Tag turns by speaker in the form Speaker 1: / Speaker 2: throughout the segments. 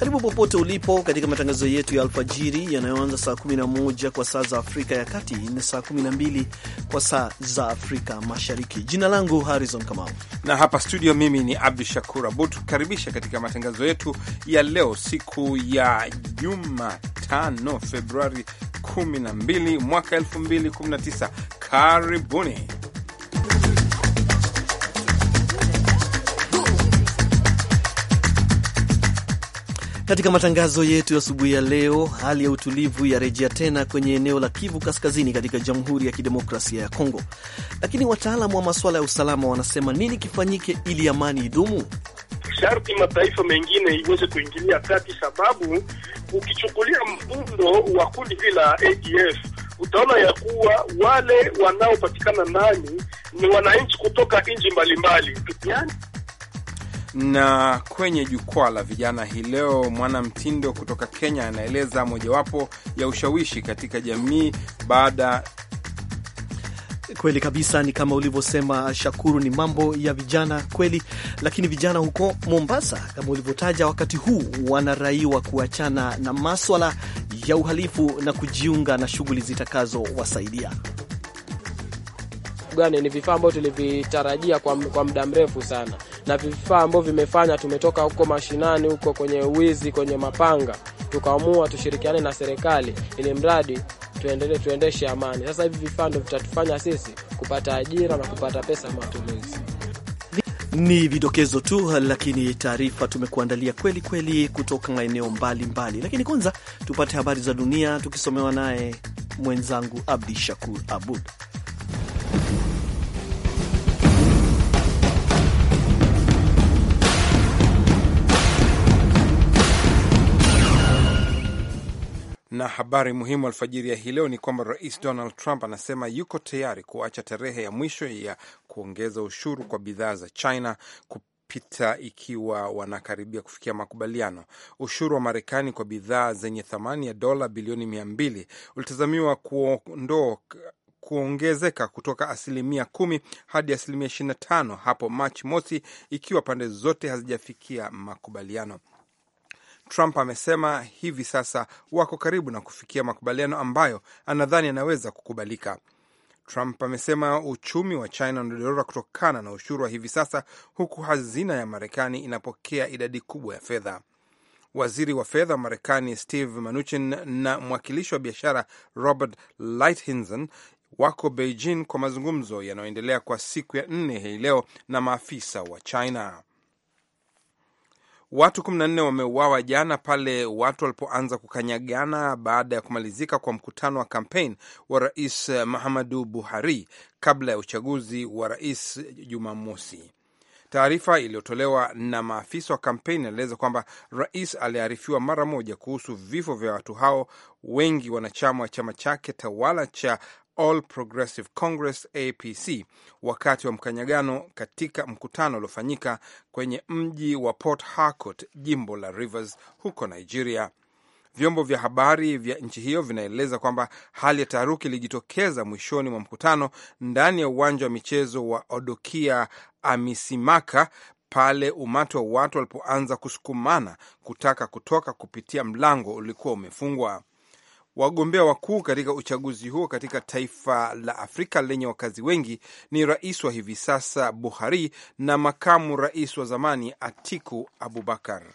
Speaker 1: Karibu popote ulipo katika matangazo yetu ya alfajiri yanayoanza saa 11 kwa saa za Afrika ya Kati na saa 12 kwa saa za
Speaker 2: Afrika Mashariki. Jina langu Harrison Kamau na hapa studio, mimi ni Abdu Shakur Abud, tukaribisha katika matangazo yetu ya leo, siku ya Jumatano Februari 12 mwaka 2019. Karibuni.
Speaker 1: Katika matangazo yetu ya asubuhi ya leo, hali ya utulivu yarejea tena kwenye eneo la Kivu Kaskazini katika Jamhuri ya Kidemokrasia ya Kongo, lakini wataalamu wa masuala ya usalama wanasema nini kifanyike ili amani idumu? Sharti mataifa mengine iweze kuingilia kati, sababu ukichukulia mfundo wa kundi la ADF utaona ya kuwa wale wanaopatikana ndani ni wananchi kutoka nchi mbalimbali yani
Speaker 2: na kwenye jukwaa la vijana hii leo, mwanamtindo kutoka Kenya anaeleza mojawapo ya ushawishi katika jamii baada
Speaker 1: Kweli kabisa, ni kama ulivyosema Shakuru, ni mambo ya vijana kweli. Lakini vijana huko Mombasa, kama ulivyotaja, wakati huu wanaraiwa kuachana na maswala ya uhalifu na kujiunga na shughuli zitakazowasaidia
Speaker 3: gani. Ni vifaa ambayo tulivitarajia kwa, kwa muda mrefu sana na vifaa ambavyo vimefanya, tumetoka huko mashinani huko kwenye wizi, kwenye mapanga, tukaamua tushirikiane na serikali ili mradi tuendelee tuendeshe amani. Sasa hivi vifaa ndio vitatufanya sisi kupata ajira na kupata pesa matumizi.
Speaker 1: Ni vidokezo tu, lakini taarifa tumekuandalia kweli kweli kutoka maeneo mbalimbali. Lakini kwanza tupate habari za dunia tukisomewa naye mwenzangu Abdi Shakur Abud.
Speaker 2: Na habari muhimu alfajiri ya hii leo ni kwamba Rais Donald Trump anasema yuko tayari kuacha tarehe ya mwisho ya kuongeza ushuru kwa bidhaa za China pita ikiwa wanakaribia kufikia makubaliano. Ushuru wa Marekani kwa bidhaa zenye thamani ya dola bilioni mia mbili ulitazamiwa kuondoka kuongezeka kutoka asilimia kumi hadi asilimia ishirini na tano hapo Machi mosi ikiwa pande zote hazijafikia makubaliano. Trump amesema hivi sasa wako karibu na kufikia makubaliano ambayo anadhani anaweza kukubalika. Trump amesema uchumi wa China unadorora kutokana na ushuru wa hivi sasa, huku hazina ya Marekani inapokea idadi kubwa ya fedha. Waziri wa fedha wa Marekani Steve Mnuchin na mwakilishi wa biashara Robert Lighthizer wako Beijing kwa mazungumzo yanayoendelea kwa siku ya nne hii leo na maafisa wa China. Watu 14 wameuawa jana pale watu walipoanza kukanyagana baada ya kumalizika kwa mkutano wa kampeni wa Rais Muhammadu Buhari kabla ya uchaguzi wa rais Jumamosi. Taarifa iliyotolewa na maafisa wa kampeni inaeleza kwamba rais aliarifiwa mara moja kuhusu vifo vya watu hao, wengi wanachama wa chama chake tawala cha All Progressive Congress APC wakati wa mkanyagano katika mkutano uliofanyika kwenye mji wa Port Harcourt, jimbo la Rivers huko Nigeria. Vyombo vya habari vya nchi hiyo vinaeleza kwamba hali ya taharuki ilijitokeza mwishoni mwa mkutano ndani ya uwanja wa michezo wa Odokia Amisimaka pale umati wa watu walipoanza kusukumana kutaka kutoka kupitia mlango ulikuwa umefungwa. Wagombea wakuu katika uchaguzi huo katika taifa la Afrika lenye wakazi wengi ni rais wa hivi sasa Buhari na makamu rais wa zamani Atiku Abubakar.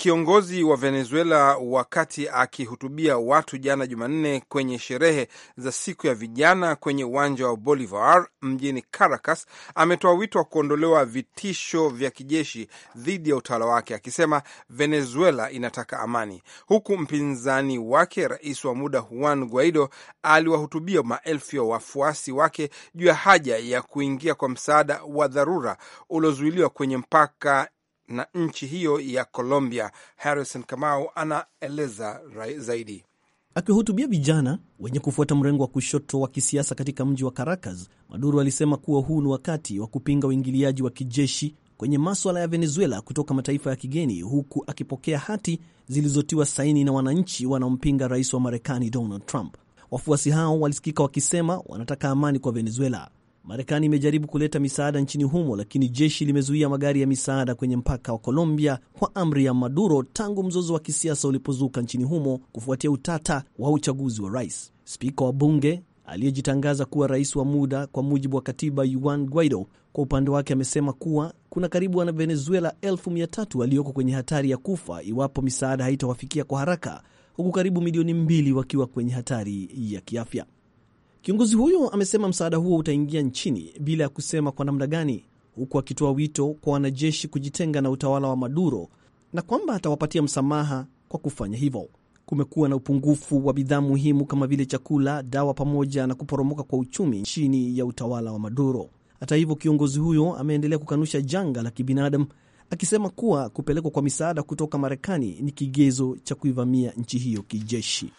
Speaker 2: Kiongozi wa Venezuela wakati akihutubia watu jana Jumanne kwenye sherehe za siku ya vijana kwenye uwanja wa Bolivar mjini Caracas ametoa wito wa kuondolewa vitisho vya kijeshi dhidi ya utawala wake, akisema Venezuela inataka amani, huku mpinzani wake rais wa muda Juan Guaido aliwahutubia maelfu ya wafuasi wake juu ya haja ya kuingia kwa msaada wa dharura uliozuiliwa kwenye mpaka na nchi hiyo ya Colombia. Harrison Kamau anaeleza zaidi.
Speaker 1: Akiwahutubia vijana wenye kufuata mrengo wa kushoto wa kisiasa katika mji wa Caracas, Maduro alisema kuwa huu ni wakati wa kupinga uingiliaji wa kijeshi kwenye maswala ya Venezuela kutoka mataifa ya kigeni, huku akipokea hati zilizotiwa saini na wananchi wanaompinga rais wa Marekani Donald Trump. Wafuasi hao walisikika wakisema wanataka amani kwa Venezuela. Marekani imejaribu kuleta misaada nchini humo, lakini jeshi limezuia magari ya misaada kwenye mpaka wa Colombia kwa amri ya Maduro tangu mzozo wa kisiasa ulipozuka nchini humo kufuatia utata wa uchaguzi wa rais. Spika wa bunge aliyejitangaza kuwa rais wa muda kwa mujibu wa katiba Juan Guaido kwa upande wake amesema kuwa kuna karibu wana Venezuela elfu mia tatu walioko kwenye hatari ya kufa iwapo misaada haitawafikia kwa haraka, huku karibu milioni mbili wakiwa kwenye hatari ya kiafya. Kiongozi huyo amesema msaada huo utaingia nchini bila ya kusema kwa namna gani, huku akitoa wito kwa wanajeshi kujitenga na utawala wa Maduro na kwamba atawapatia msamaha kwa kufanya hivyo. Kumekuwa na upungufu wa bidhaa muhimu kama vile chakula, dawa, pamoja na kuporomoka kwa uchumi chini ya utawala wa Maduro. Hata hivyo, kiongozi huyo ameendelea kukanusha janga la kibinadamu, akisema kuwa kupelekwa kwa misaada kutoka Marekani ni kigezo cha kuivamia nchi hiyo kijeshi.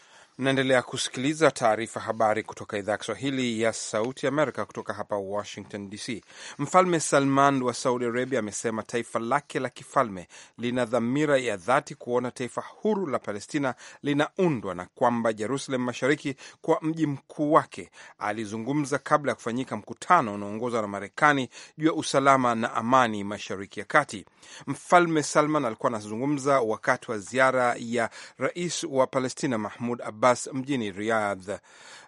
Speaker 2: Mnaendelea kusikiliza taarifa habari kutoka idhaa ya Kiswahili ya Sauti Amerika kutoka hapa Washington DC. Mfalme Salman wa Saudi Arabia amesema taifa lake la kifalme lina dhamira ya dhati kuona taifa huru la Palestina linaundwa na kwamba Jerusalem Mashariki kwa mji mkuu wake. Alizungumza kabla ya kufanyika mkutano unaoongozwa na Marekani juu ya usalama na amani Mashariki ya Kati. Mfalme Salman alikuwa anazungumza wakati wa ziara ya rais wa Palestina Mahmud Abbas Abbas mjini Riyadh.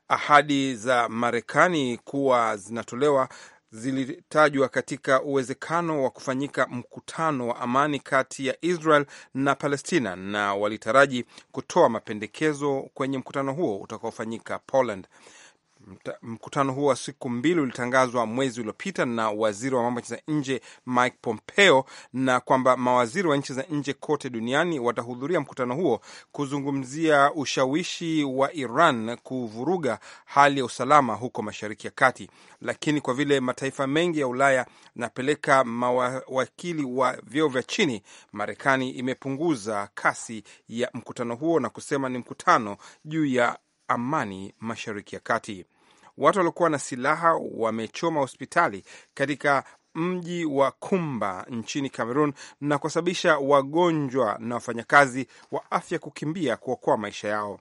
Speaker 2: Ahadi za Marekani kuwa zinatolewa zilitajwa katika uwezekano wa kufanyika mkutano wa amani kati ya Israel na Palestina, na walitaraji kutoa mapendekezo kwenye mkutano huo utakaofanyika Poland. Mkutano huo wa siku mbili ulitangazwa mwezi uliopita na waziri wa mambo ya nchi za nje Mike Pompeo, na kwamba mawaziri wa nchi za nje kote duniani watahudhuria mkutano huo kuzungumzia ushawishi wa Iran kuvuruga hali ya usalama huko Mashariki ya Kati. Lakini kwa vile mataifa mengi ya Ulaya napeleka mawakili wa vyeo vya chini, Marekani imepunguza kasi ya mkutano huo na kusema ni mkutano juu ya amani Mashariki ya Kati watu waliokuwa na silaha wamechoma hospitali katika mji wa Kumba nchini Cameroon na kusababisha wagonjwa na wafanyakazi wa afya kukimbia kuokoa maisha yao.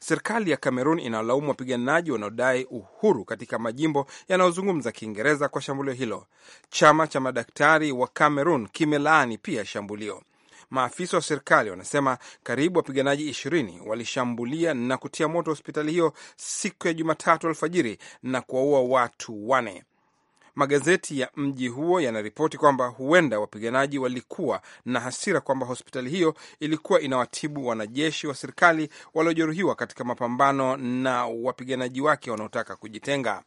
Speaker 2: Serikali ya Cameroon inawalaumu wapiganaji wanaodai uhuru katika majimbo yanayozungumza Kiingereza kwa shambulio hilo. Chama cha madaktari wa Cameroon kimelaani pia shambulio. Maafisa wa serikali wanasema karibu wapiganaji ishirini walishambulia na kutia moto hospitali hiyo siku ya Jumatatu alfajiri na kuwaua watu wane. Magazeti ya mji huo yanaripoti kwamba huenda wapiganaji walikuwa na hasira kwamba hospitali hiyo ilikuwa inawatibu wanajeshi wa serikali waliojeruhiwa katika mapambano na wapiganaji wake wanaotaka kujitenga.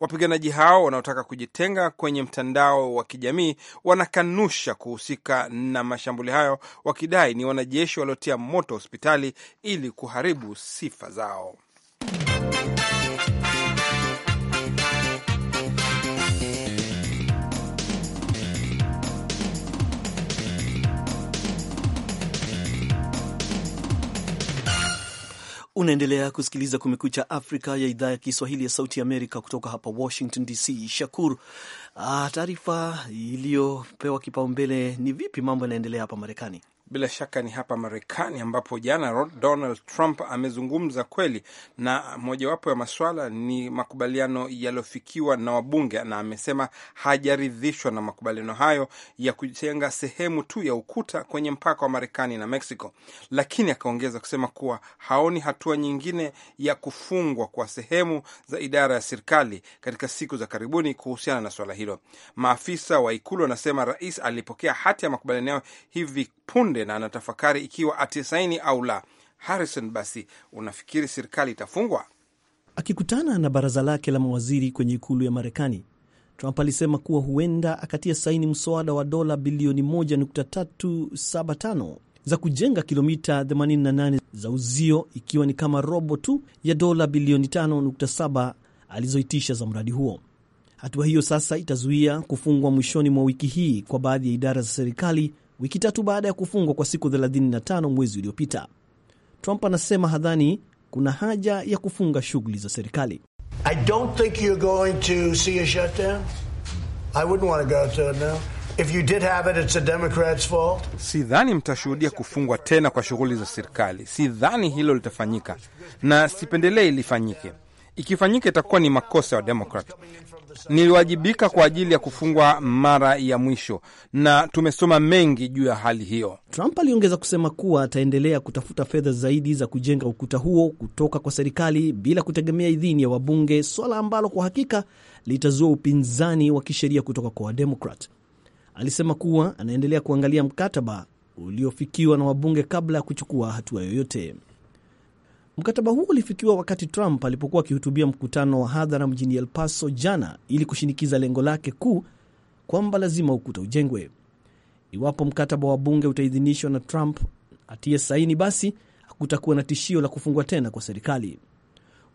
Speaker 2: Wapiganaji hao wanaotaka kujitenga kwenye mtandao wa kijamii wanakanusha kuhusika na mashambuli hayo, wakidai ni wanajeshi waliotia moto hospitali ili kuharibu sifa zao.
Speaker 1: Unaendelea kusikiliza Kumekucha Afrika ya idhaa ya Kiswahili ya Sauti Amerika kutoka hapa Washington DC. Shakur, ah, taarifa iliyopewa kipaumbele ni vipi mambo yanaendelea hapa Marekani?
Speaker 2: Bila shaka ni hapa Marekani ambapo jana Donald Trump amezungumza kweli, na mojawapo ya maswala ni makubaliano yaliyofikiwa na wabunge, na amesema hajaridhishwa na makubaliano hayo ya kujenga sehemu tu ya ukuta kwenye mpaka wa Marekani na Mexico, lakini akaongeza kusema kuwa haoni hatua nyingine ya kufungwa kwa sehemu za idara ya serikali katika siku za karibuni kuhusiana na swala hilo. Maafisa wa ikulu wanasema rais alipokea hati ya makubaliano hivi punde na anatafakari ikiwa atisaini au la. Harrison, basi unafikiri serikali itafungwa?
Speaker 1: Akikutana na baraza lake la mawaziri kwenye ikulu ya Marekani, Trump alisema kuwa huenda akatia saini mswada wa dola bilioni 1.375 za kujenga kilomita 88 za uzio, ikiwa ni kama robo tu ya dola bilioni 5.7 alizoitisha za mradi huo. Hatua hiyo sasa itazuia kufungwa mwishoni mwa wiki hii kwa baadhi ya idara za serikali wiki tatu baada ya kufungwa kwa siku 35 mwezi uliopita. Trump anasema hadhani kuna haja ya kufunga shughuli za serikali.
Speaker 2: Sidhani mtashuhudia kufungwa tena kwa shughuli za serikali. si dhani hilo litafanyika na sipendelei lifanyike. Ikifanyika itakuwa ni makosa ya Wademokrat niliwajibika kwa ajili ya kufungwa mara ya mwisho, na tumesoma mengi juu ya hali hiyo. Trump aliongeza kusema kuwa
Speaker 1: ataendelea kutafuta fedha zaidi za kujenga ukuta huo kutoka kwa serikali bila kutegemea idhini ya wabunge, swala ambalo kwa hakika litazua upinzani wa kisheria kutoka kwa Wademokrat. Alisema kuwa anaendelea kuangalia mkataba uliofikiwa na wabunge kabla ya kuchukua hatua yoyote. Mkataba huu ulifikiwa wakati Trump alipokuwa akihutubia mkutano wa hadhara mjini El Paso jana ili kushinikiza lengo lake kuu kwamba lazima ukuta ujengwe. Iwapo mkataba wa bunge utaidhinishwa na Trump atiye saini, basi hakutakuwa na tishio la kufungwa tena kwa serikali.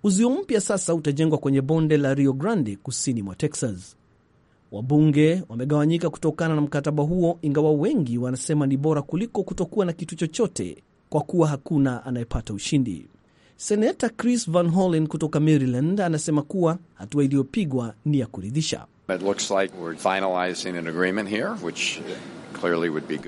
Speaker 1: Uzio mpya sasa utajengwa kwenye bonde la Rio Grande kusini mwa Texas. Wabunge wamegawanyika kutokana na mkataba huo, ingawa wengi wanasema ni bora kuliko kutokuwa na kitu chochote, kwa kuwa hakuna anayepata ushindi. Seneta Chris Van Hollen kutoka Maryland anasema kuwa hatua iliyopigwa ni ya kuridhisha.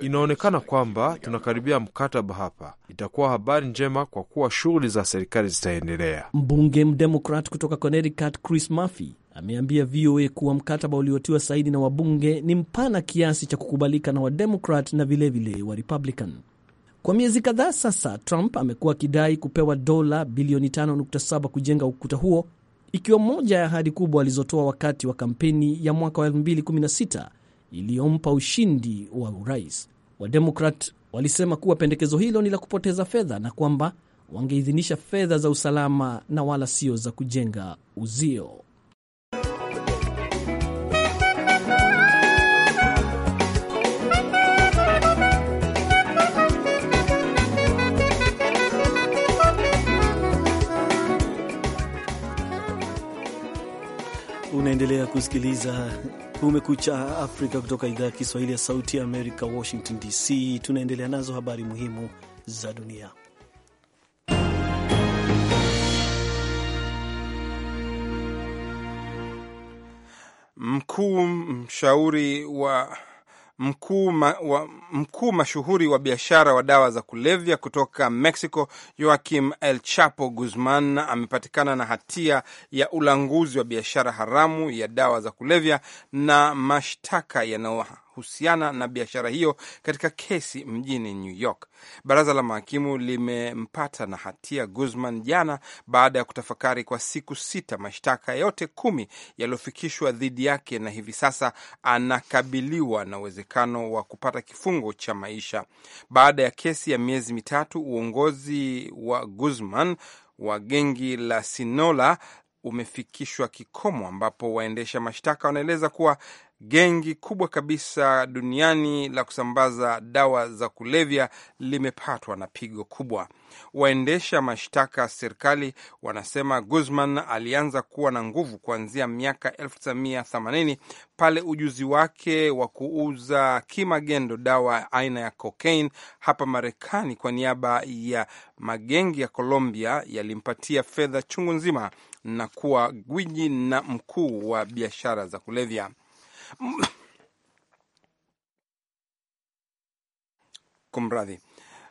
Speaker 2: Inaonekana kwamba tunakaribia mkataba hapa. Itakuwa habari njema kwa kuwa shughuli za serikali zitaendelea.
Speaker 1: Mbunge mdemokrat kutoka Connecticut Chris Murphy ameambia VOA kuwa mkataba uliotiwa saini na wabunge ni mpana kiasi cha kukubalika na wademokrat na vilevile wa Republican. Kwa miezi kadhaa sasa, Trump amekuwa akidai kupewa dola bilioni 5.7 kujenga ukuta huo, ikiwa moja ya ahadi kubwa alizotoa wakati wa kampeni ya mwaka wa 2016 iliyompa ushindi wa urais. Wademokrat walisema kuwa pendekezo hilo ni la kupoteza fedha na kwamba wangeidhinisha fedha za usalama na wala sio za kujenga uzio. Unaendelea kusikiliza Kumekucha Afrika kutoka idhaa ya Kiswahili ya Sauti ya Amerika, Washington DC. Tunaendelea nazo habari muhimu za dunia.
Speaker 2: Mkuu mshauri wa mkuu, ma, wa, mkuu mashuhuri wa biashara wa dawa za kulevya kutoka Mexico Joaquim El Chapo Guzman amepatikana na hatia ya ulanguzi wa biashara haramu ya dawa za kulevya na mashtaka yanayo husiana na biashara hiyo katika kesi mjini New York. Baraza la mahakimu limempata na hatia Guzman jana baada ya kutafakari kwa siku sita mashtaka yote kumi yaliyofikishwa dhidi yake, na hivi sasa anakabiliwa na uwezekano wa kupata kifungo cha maisha baada ya kesi ya miezi mitatu. Uongozi wa Guzman wa gengi la sinola umefikishwa kikomo ambapo waendesha mashtaka wanaeleza kuwa gengi kubwa kabisa duniani la kusambaza dawa za kulevya limepatwa na pigo kubwa. Waendesha mashtaka serikali wanasema Guzman alianza kuwa na nguvu kuanzia miaka 1980 pale ujuzi wake wa kuuza kimagendo dawa aina ya cocaine hapa Marekani kwa niaba ya magengi ya Colombia yalimpatia fedha chungu nzima na kuwa gwiji na mkuu wa biashara za kulevya kumradhi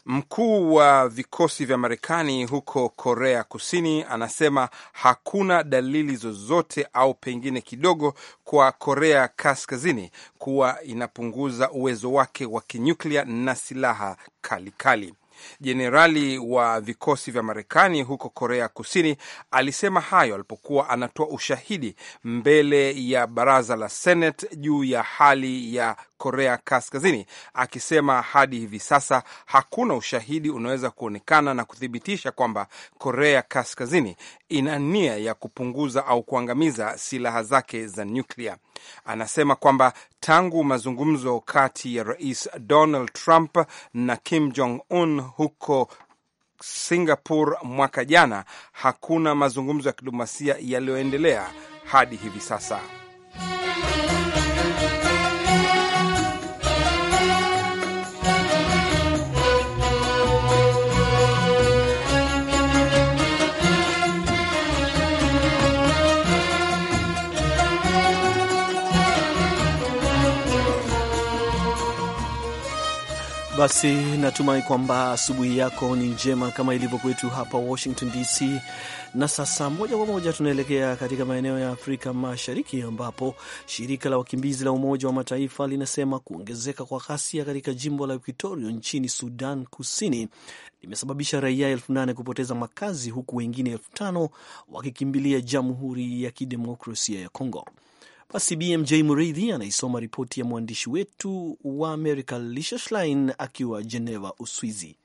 Speaker 2: Mkuu wa vikosi vya Marekani huko Korea Kusini anasema hakuna dalili zozote au pengine kidogo kwa Korea Kaskazini kuwa inapunguza uwezo wake wa kinyuklia na silaha kalikali kali. Jenerali wa vikosi vya Marekani huko Korea Kusini alisema hayo alipokuwa anatoa ushahidi mbele ya baraza la Senate juu ya hali ya Korea Kaskazini, akisema hadi hivi sasa hakuna ushahidi unaweza kuonekana na kuthibitisha kwamba Korea Kaskazini ina nia ya kupunguza au kuangamiza silaha zake za nyuklia. Anasema kwamba tangu mazungumzo kati ya Rais Donald Trump na Kim Jong Un huko Singapore mwaka jana, hakuna mazungumzo ya kidiplomasia yaliyoendelea hadi hivi sasa.
Speaker 1: Basi natumai kwamba asubuhi yako ni njema kama ilivyo kwetu hapa Washington DC. Na sasa moja kwa moja tunaelekea katika maeneo ya Afrika Mashariki, ambapo shirika la wakimbizi la Umoja wa Mataifa linasema kuongezeka kwa ghasia katika jimbo la Equatoria nchini Sudan Kusini limesababisha raia elfu nane kupoteza makazi huku wengine elfu tano wakikimbilia Jamhuri ya Kidemokrasia ya Kongo. Basi BMJ Mureithi anaisoma ripoti ya mwandishi wetu wa Amerika Lisha Schlein akiwa Geneva, Uswizi.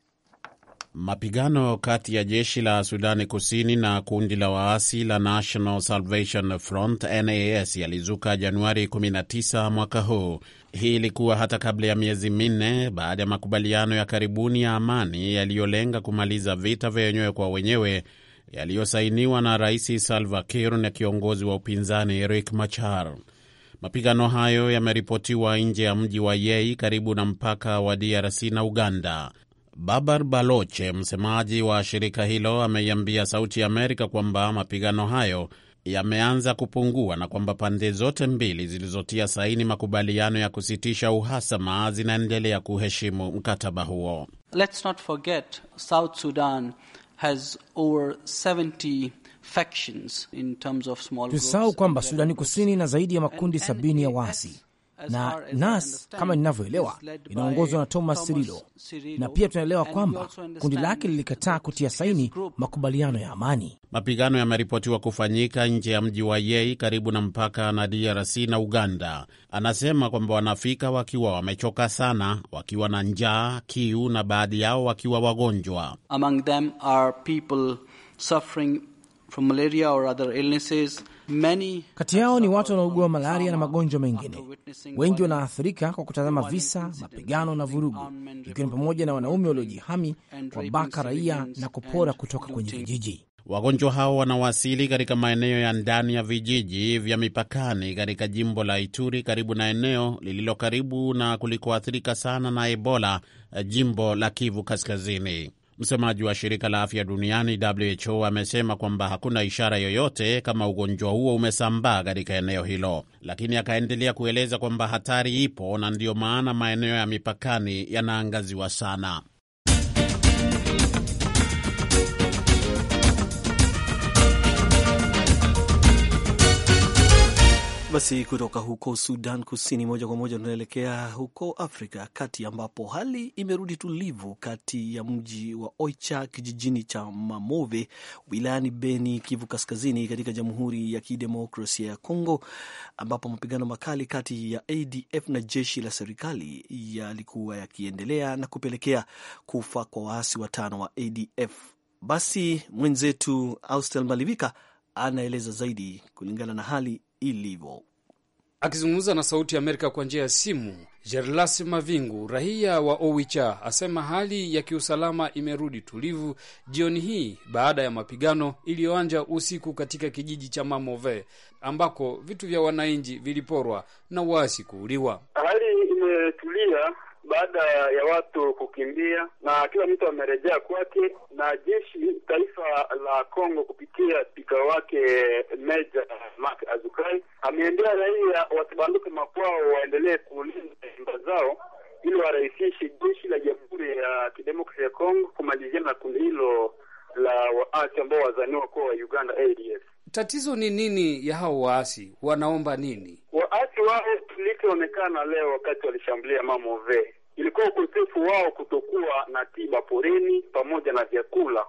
Speaker 4: Mapigano kati ya jeshi la Sudani Kusini na kundi la waasi la National Salvation Front NAS yalizuka Januari 19 mwaka huu. Hii ilikuwa hata kabla ya miezi minne baada ya makubaliano ya karibuni ya amani yaliyolenga kumaliza vita vya wenyewe kwa wenyewe yaliyosainiwa na Rais Salva Kiir na kiongozi wa upinzani Riek Machar. Mapigano hayo yameripotiwa nje ya mji wa Yei karibu na mpaka wa DRC na Uganda. Babar Baloche, msemaji wa shirika hilo, ameiambia Sauti ya Amerika kwamba mapigano hayo yameanza kupungua na kwamba pande zote mbili zilizotia saini makubaliano ya kusitisha uhasama zinaendelea kuheshimu mkataba huo. Let's not forget,
Speaker 1: South Sudan has over 70 factions in terms of small Tusahau
Speaker 3: kwamba Sudani Kusini ina zaidi ya makundi sabini ya waasi na NAS kama ninavyoelewa inaongozwa na Thomas Sirilo,
Speaker 1: na pia tunaelewa kwamba
Speaker 3: kundi lake lilikataa kutia saini makubaliano ya amani.
Speaker 4: Mapigano yameripotiwa kufanyika nje ya mji wa Yei karibu na mpaka na DRC na Uganda. Anasema kwamba wanafika wakiwa wamechoka sana, wakiwa na njaa, kiu na baadhi yao wakiwa wagonjwa.
Speaker 1: Among them are people suffering from malaria or other illnesses. Many...
Speaker 3: kati yao ni watu wanaougua malaria na magonjwa mengine. Wengi wanaathirika kwa kutazama visa, mapigano na vurugu, ikiwa ni pamoja na wanaume waliojihami kuwabaka raia na kupora kutoka kwenye vijiji.
Speaker 4: Wagonjwa hao wanawasili katika maeneo ya ndani ya vijiji vya mipakani katika jimbo la Ituri, karibu na eneo lililo karibu na kulikoathirika sana na Ebola, eh, jimbo la Kivu Kaskazini. Msemaji wa shirika la afya duniani WHO amesema kwamba hakuna ishara yoyote kama ugonjwa huo umesambaa katika eneo hilo, lakini akaendelea kueleza kwamba hatari ipo na ndiyo maana maeneo ya mipakani yanaangaziwa sana.
Speaker 1: Basi kutoka huko Sudan Kusini, moja kwa moja tunaelekea huko Afrika Kati, ambapo hali imerudi tulivu kati ya mji wa Oicha, kijijini cha Mamove, wilayani Beni, Kivu Kaskazini, katika Jamhuri ya Kidemokrasia ya Kongo, ambapo mapigano makali kati ya ADF na jeshi la serikali yalikuwa yakiendelea na kupelekea kufa kwa waasi watano wa ADF. Basi mwenzetu Austel Malivika anaeleza
Speaker 5: zaidi kulingana na hali ilivyo. Akizungumza na Sauti ya Amerika kwa njia ya simu, Jerlas Mavingu, raia wa Owicha, asema hali ya kiusalama imerudi tulivu jioni hii baada ya mapigano iliyoanja usiku katika kijiji cha Mamove ambako vitu vya wananchi viliporwa na waasi kuuliwa. Hali imetulia baada ya watu kukimbia na kila mtu amerejea kwake, na jeshi taifa la Kongo kupitia spika wake Meja Mark Azukai ameendea raia wasibanduke makwao, waendelee kulinda nyumba zao ili warahisishe jeshi la Jamhuri ya Kidemokrasia ya Kongo kumalizia
Speaker 4: na kundi hilo la waasi ambao wazaniwa kuwa wa Uganda ADF.
Speaker 5: Tatizo ni nini ya hao waasi, wanaomba nini
Speaker 4: waasi wao? tulikionekana leo
Speaker 5: wakati walishambulia Mamove ilikuwa ukosefu wao kutokuwa na tiba poreni pamoja na vyakula,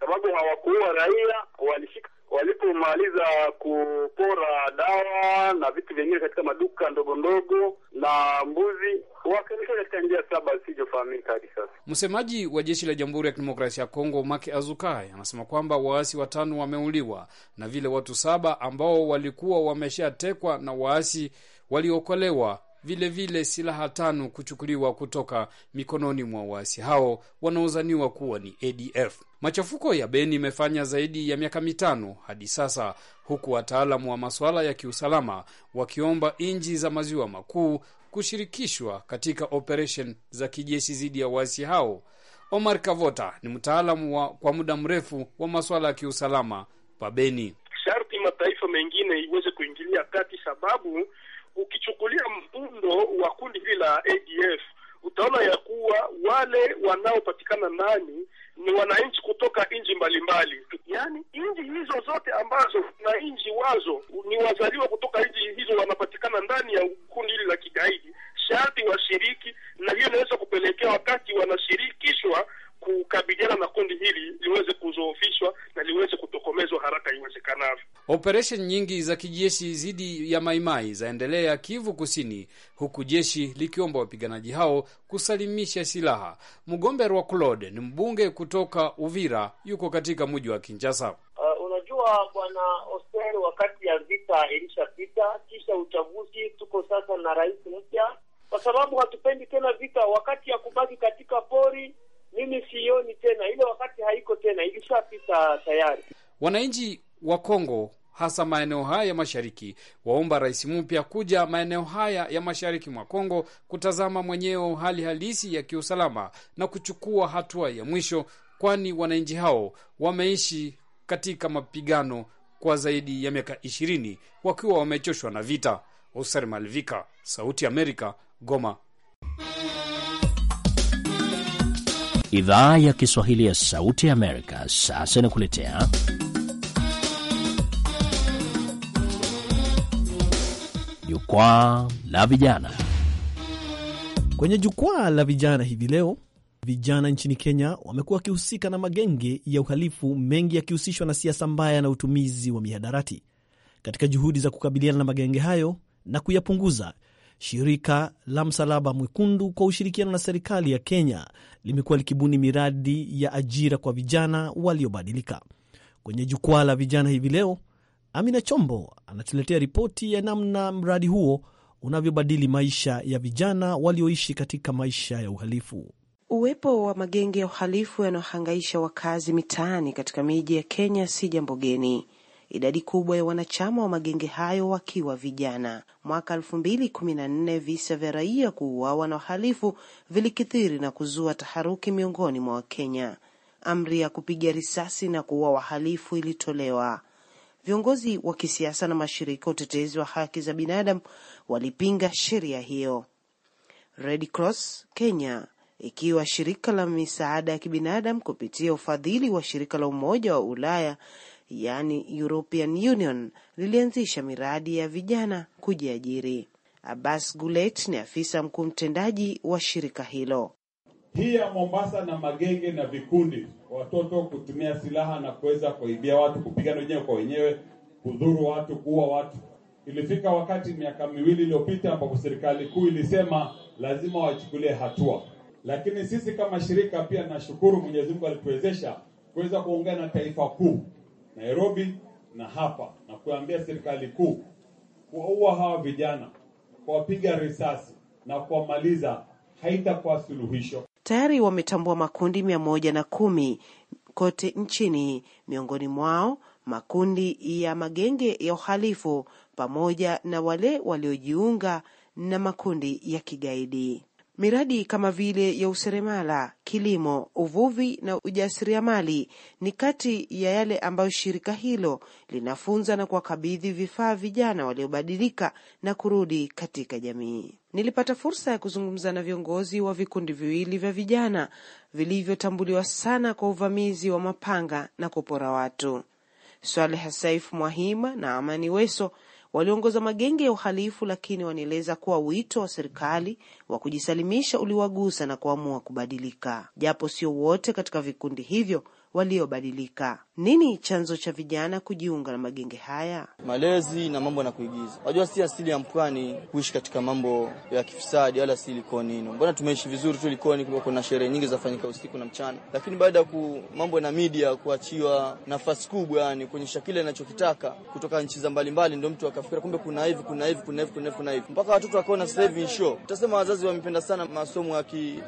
Speaker 5: sababu hawakuua raia walishika walipomaliza kupora dawa na vitu vyengine katika maduka ndogo ndogo na mbuzi wakaelekea katika njia saba zisizofahamika hadi sasa. Msemaji wa jeshi la Jamhuri ya Kidemokrasia ya Kongo make Azukai anasema kwamba waasi watano wameuliwa na vile watu saba ambao walikuwa wameshatekwa na waasi waliokolewa vilevile vile silaha tano kuchukuliwa kutoka mikononi mwa waasi hao wanaozaniwa kuwa ni ADF. Machafuko ya Beni imefanya zaidi ya miaka mitano hadi sasa, huku wataalamu wa masuala ya kiusalama wakiomba nchi za maziwa makuu kushirikishwa katika operesheni za kijeshi dhidi ya waasi hao. Omar Kavota ni mtaalamu wa kwa muda mrefu wa masuala ya kiusalama pa Beni. Sharti
Speaker 1: mataifa mengine iweze kuingilia kati, sababu ukichukulia mfundo wa kundi hili la ADF utaona ya kuwa wale wanaopatikana ndani ni wananchi kutoka nchi mbalimbali, yaani nchi hizo zote ambazo na nchi wazo ni wazaliwa kutoka nchi hizo wanapatikana ndani ya kundi hili la kigaidi,
Speaker 2: sharti washiriki, na hiyo inaweza kupelekea wakati wanashirikishwa kukabiliana na kundi hili liweze kuzoofishwa na liweze kutokomezwa haraka iwezekanavyo.
Speaker 5: Operesheni nyingi za kijeshi dhidi ya Maimai zaendelea Kivu Kusini, huku jeshi likiomba wapiganaji hao kusalimisha silaha. Mgombe wa Claude ni mbunge kutoka Uvira, yuko katika mji wa Kinshasa.
Speaker 1: Uh, unajua bwana Oster, wakati ya vita ilishapita, kisha uchaguzi, tuko sasa na rais mpya, kwa sababu hatupendi tena vita, wakati ya kubaki katika pori mimi sioni tena, ile wakati haiko tena, ilishapita tayari.
Speaker 5: Wananchi wa Kongo hasa maeneo haya ya mashariki waomba rais mpya kuja maeneo haya ya mashariki mwa Kongo kutazama mwenyewe hali halisi ya kiusalama na kuchukua hatua ya mwisho, kwani wananchi hao wameishi katika mapigano kwa zaidi ya miaka ishirini wakiwa wamechoshwa na vita. Oser Malvika, Sauti Amerika, Goma.
Speaker 1: Idhaa ya Kiswahili ya Sauti ya Amerika sasa inakuletea Jukwaa la Vijana. Kwenye Jukwaa la Vijana hivi leo, vijana nchini Kenya wamekuwa wakihusika na magenge ya uhalifu, mengi yakihusishwa na siasa mbaya na utumizi wa mihadarati. Katika juhudi za kukabiliana na magenge hayo na kuyapunguza, Shirika la Msalaba Mwekundu kwa ushirikiano na serikali ya Kenya limekuwa likibuni miradi ya ajira kwa vijana waliobadilika. Kwenye jukwaa la vijana hivi leo, Amina Chombo anatuletea ripoti ya namna mradi huo unavyobadili maisha ya vijana walioishi katika maisha ya uhalifu.
Speaker 6: Uwepo wa magenge ya uhalifu yanayohangaisha wakazi mitaani katika miji ya Kenya si jambo geni idadi kubwa ya wanachama wa magenge hayo wakiwa vijana. Mwaka nne visa vya raia kuuawa na wahalifu vilikithiri na kuzua taharuki miongoni mwa Wakenya. Amri ya kupiga risasi na kuua wahalifu ilitolewa. Viongozi wa kisiasa na mashirika utetezi wa haki za binadamu walipinga sheria hiyo. Red Cross Kenya ikiwa shirika la misaada ya kibinadamu kupitia ufadhili wa shirika la Umoja wa Ulaya yaani European Union lilianzisha miradi ya vijana kujiajiri. Abbas Gulet ni afisa mkuu mtendaji wa shirika hilo.
Speaker 4: Hii ya Mombasa na magenge na vikundi,
Speaker 2: watoto kutumia silaha na kuweza kuibia watu, kupigana wenyewe kwa wenyewe, kudhuru watu, kuua watu. Ilifika wakati miaka miwili iliyopita ambapo serikali kuu ilisema lazima wachukulie hatua, lakini sisi kama shirika pia nashukuru Mwenyezi Mungu alituwezesha kuweza kuongea na taifa kuu Nairobi na hapa na kuambia serikali kuu kuwaua hawa vijana, kuwapiga risasi na
Speaker 5: kuwamaliza haitakuwa suluhisho.
Speaker 6: Tayari wametambua makundi mia moja na kumi kote nchini, miongoni mwao makundi ya magenge ya uhalifu pamoja na wale waliojiunga na makundi ya kigaidi. Miradi kama vile ya useremala, kilimo, uvuvi na ujasiriamali ni kati ya yale ambayo shirika hilo linafunza na kuwakabidhi vifaa vijana waliobadilika na kurudi katika jamii. Nilipata fursa ya kuzungumza na viongozi wa vikundi viwili vya vijana vilivyotambuliwa sana kwa uvamizi wa mapanga na kupora watu, Swaleh Saif Mwahima na Amani Weso waliongoza magenge ya uhalifu, lakini wanaeleza kuwa wito wa serikali wa kujisalimisha uliwagusa na kuamua kubadilika, japo sio wote katika vikundi hivyo waliobadilika. Nini chanzo cha vijana kujiunga na magenge haya?
Speaker 7: Malezi na mambo na kuigiza. Wajua, si asili ya mpwani kuishi katika mambo ya kifisadi, wala si Likoni hino. Mbona tumeishi vizuri tu Likoni, kulikuwa kuna sherehe nyingi zafanyika usiku na mchana, lakini baada ya mambo na media kuachiwa nafasi kubwa, yani kuonyesha kile anachokitaka kutoka nchi za mbalimbali, ndio mtu akafikira kumbe kuna hivi kuna hivi kuna hivi kuna hivi kuna hivi, mpaka watoto wakaona sasa hivi show. Utasema wazazi wamependa sana masomo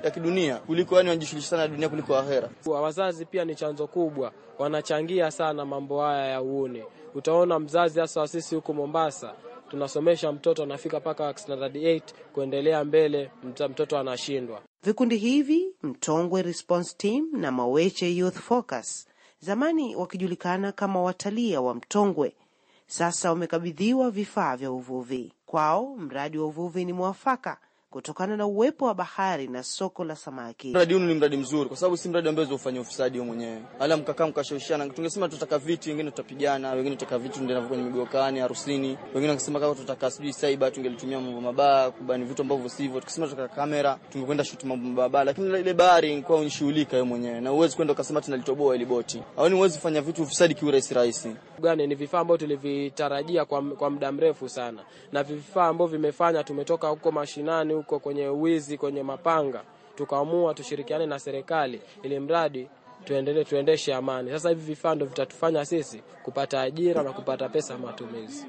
Speaker 7: ya kidunia kuliko, yani wanajishughulisha sana dunia kuliko ahera. Wazazi
Speaker 3: pia ni chanzo chanzo kubwa, wanachangia sana mambo haya ya uone. Utaona mzazi hasa sisi huku Mombasa tunasomesha mtoto anafika mpaka 8 kuendelea mbele, mtoto anashindwa.
Speaker 6: Vikundi hivi Mtongwe Response Team na Maweche Youth Focus, zamani wakijulikana kama watalia wa Mtongwe, sasa wamekabidhiwa vifaa vya uvuvi. Kwao mradi wa uvuvi ni mwafaka kutokana na uwepo wa bahari na soko la samaki. Mradi
Speaker 7: huu ni mradi mzuri, kwa sababu si mradi ambao ufanya ufisadi wewe mwenyewe, ala mkakaa mkashawishiana. Tungesema tutaka viti, wengine tutapigana, wengine tutaka vitu ndio navyo kwenye migokani, harusini, wengine wakisema kama tutaka sijui cyber, tungelitumia mambo mabaya kubani vitu ambavyo sivyo. Tukisema tutaka kamera, tungekwenda shoot mambo mabaya, lakini ile bahari ilikuwa unishughulika wewe mwenyewe, na uwezi kwenda ukasema tunalitoboa ile boti au ni uwezi fanya vitu ufisadi kiurahisi rahisi gani. Ni vifaa ambavyo tulivitarajia
Speaker 3: kwa, kwa muda mrefu sana, na vifaa ambavyo vimefanya tumetoka huko mashinani marufuku, kwenye wizi, kwenye mapanga, tukaamua tushirikiane na serikali ili mradi tuendelee tuendeshe amani. Sasa hivi vifaa ndio vitatufanya sisi kupata ajira na kupata pesa matumizi.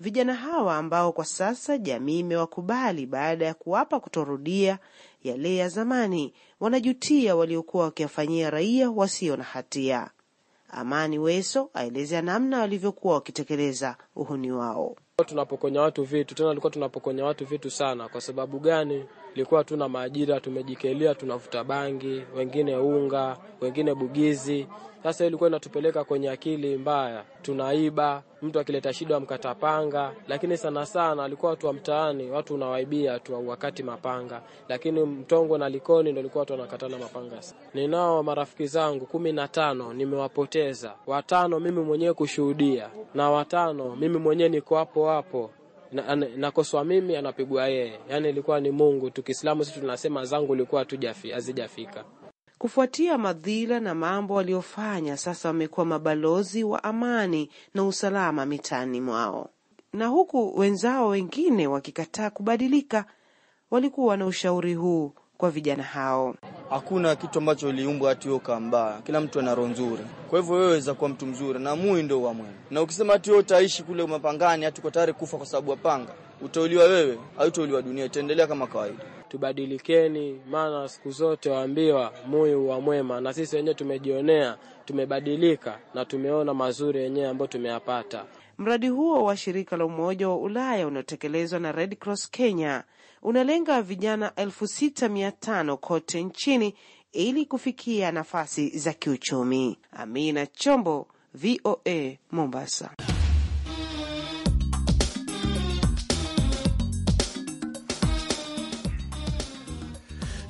Speaker 6: Vijana hawa ambao kwa sasa jamii imewakubali baada ya kuwapa kutorudia yale ya zamani, wanajutia waliokuwa wakiwafanyia raia wasio na hatia. Amani Weso aelezea namna walivyokuwa wakitekeleza uhuni wao
Speaker 3: tunapokonya watu vitu tena tulikuwa tunapokonya watu vitu sana. Kwa sababu gani? ilikuwa hatuna maajira, tumejikelia tunavuta bangi, wengine unga, wengine bugizi. Sasa ilikuwa inatupeleka kwenye akili mbaya, tunaiba. Mtu akileta shida amkata panga, lakini sana sana alikuwa watu wa mtaani, watu unawaibia tu wakati mapanga, lakini mtongo na likoni ndio alikuwa watu wanakatana mapanga. Ninao marafiki zangu kumi na tano nimewapoteza, watano mimi mwenyewe kushuhudia na watano mimi mwenyewe niko hapo hapo nakoswa na, na mimi anapigwa yeye, yaani ilikuwa ni Mungu tu. Kiislamu sisi tunasema zangu ilikuwa hazijafika.
Speaker 6: Kufuatia madhila na mambo waliofanya, sasa wamekuwa mabalozi wa amani na usalama mitaani mwao, na huku wenzao wengine wakikataa kubadilika, walikuwa na ushauri huu kwa vijana hao. Hakuna kitu ambacho iliumbwa ati kama mbaya.
Speaker 7: kila mtu ana roho nzuri. Kwa hivyo wewe weza kuwa mtu mzuri na mui ndio wa mwema, na ukisema ati wewe utaishi kule mapangani, hatuko tayari kufa kwa sababu ya panga, utauliwa wewe au utauliwa dunia, itaendelea kama kawaida. Tubadilikeni, maana siku zote waambiwa moyo wa mwema, na sisi wenyewe
Speaker 3: tumejionea, tumebadilika na tumeona mazuri yenyewe ambayo tumeyapata. Mradi
Speaker 6: huo wa shirika la Umoja wa Ulaya unaotekelezwa na Red Cross Kenya unalenga vijana elfu sita mia tano kote nchini ili kufikia nafasi za kiuchumi. Amina Chombo, VOA Mombasa.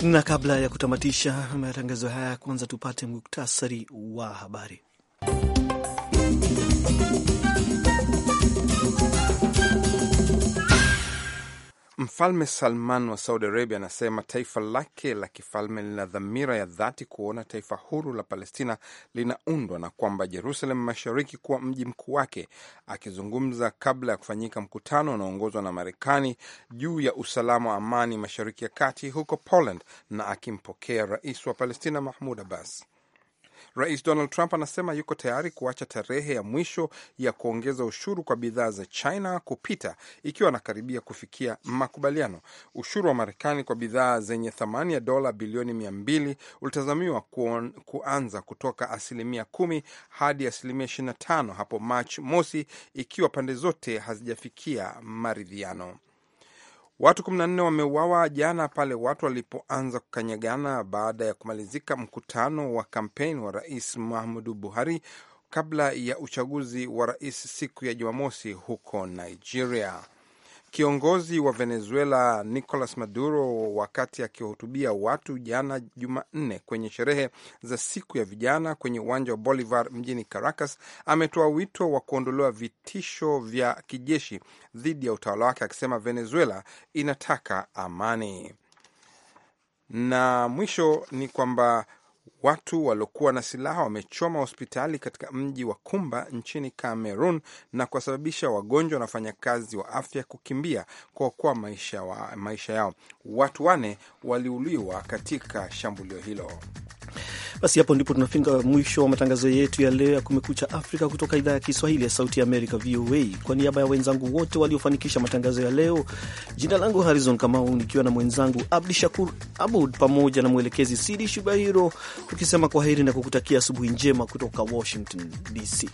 Speaker 1: Na kabla ya kutamatisha matangazo haya, kwanza tupate muktasari
Speaker 2: wa habari. Mfalme Salman wa Saudi Arabia anasema taifa lake la kifalme lina dhamira ya dhati kuona taifa huru la Palestina linaundwa na kwamba Jerusalem Mashariki kuwa mji mkuu wake. Akizungumza kabla ya kufanyika mkutano unaoongozwa na Marekani juu ya usalama wa amani Mashariki ya Kati huko Poland, na akimpokea rais wa Palestina Mahmud Abbas. Rais Donald Trump anasema yuko tayari kuacha tarehe ya mwisho ya kuongeza ushuru kwa bidhaa za China kupita ikiwa anakaribia kufikia makubaliano. Ushuru wa Marekani kwa bidhaa zenye thamani ya dola bilioni mia mbili ulitazamiwa kuanza kutoka asilimia kumi hadi asilimia ishirini na tano hapo Machi mosi ikiwa pande zote hazijafikia maridhiano. Watu 14 wameuawa jana pale watu walipoanza kukanyagana baada ya kumalizika mkutano wa kampeni wa Rais Muhammadu Buhari kabla ya uchaguzi wa rais siku ya Jumamosi huko Nigeria. Kiongozi wa Venezuela Nicolas Maduro, wakati akiwahutubia watu jana Jumanne kwenye sherehe za siku ya vijana kwenye uwanja wa Bolivar mjini Caracas, ametoa wito wa kuondolewa vitisho vya kijeshi dhidi ya utawala wake, akisema Venezuela inataka amani. Na mwisho ni kwamba Watu waliokuwa na silaha wamechoma hospitali katika mji wa Kumba nchini cameron na kuwasababisha wagonjwa na wafanyakazi wa afya kukimbia kuokoa maisha, wa, maisha yao. Watu wane waliuliwa katika shambulio hilo.
Speaker 1: Basi hapo ndipo tunafika mwisho wa matangazo yetu ya leo ya Kumekucha Afrika kutoka idhaa ya Kiswahili ya Sauti ya Amerika, VOA. Kwa niaba ya wenzangu wote waliofanikisha matangazo ya leo, jina langu Harizon Kamau nikiwa na mwenzangu Abdi Shakur Abud pamoja na mwelekezi Sidi Shubahiro, tukisema kwa heri na kukutakia asubuhi njema kutoka Washington DC.